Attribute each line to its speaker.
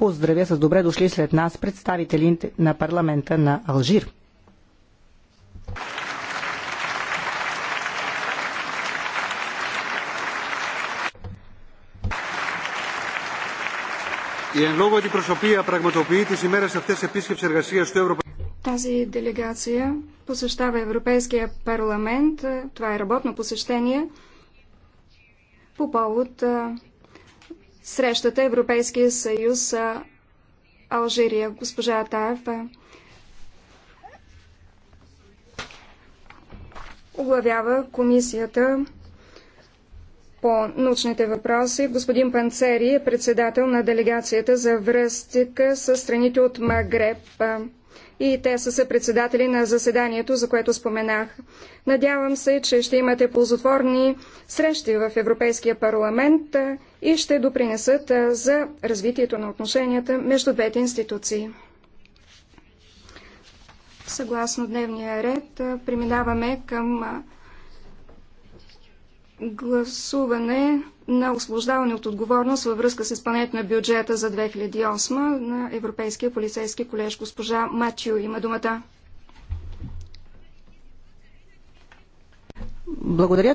Speaker 1: поздравя с добре дошли след нас представители на парламента на Алжир. Тази делегация посещава Европейския парламент. Това е работно посещение по повод срещата Европейския съюз Алжирия, госпожа Атаев. Оглавява комисията по научните въпроси. Господин Панцери е председател на делегацията за връзка с страните от Магреб и те са се председатели на заседанието, за което споменах. Надявам се, че ще имате ползотворни срещи в Европейския парламент и ще допринесат за развитието на отношенията между двете институции. Съгласно дневния ред, преминаваме към гласуване на освобождаване от отговорност във връзка с изпълнението на бюджета за 2008 на Европейския полицейски колеж. Госпожа Матио има думата. Благодаря.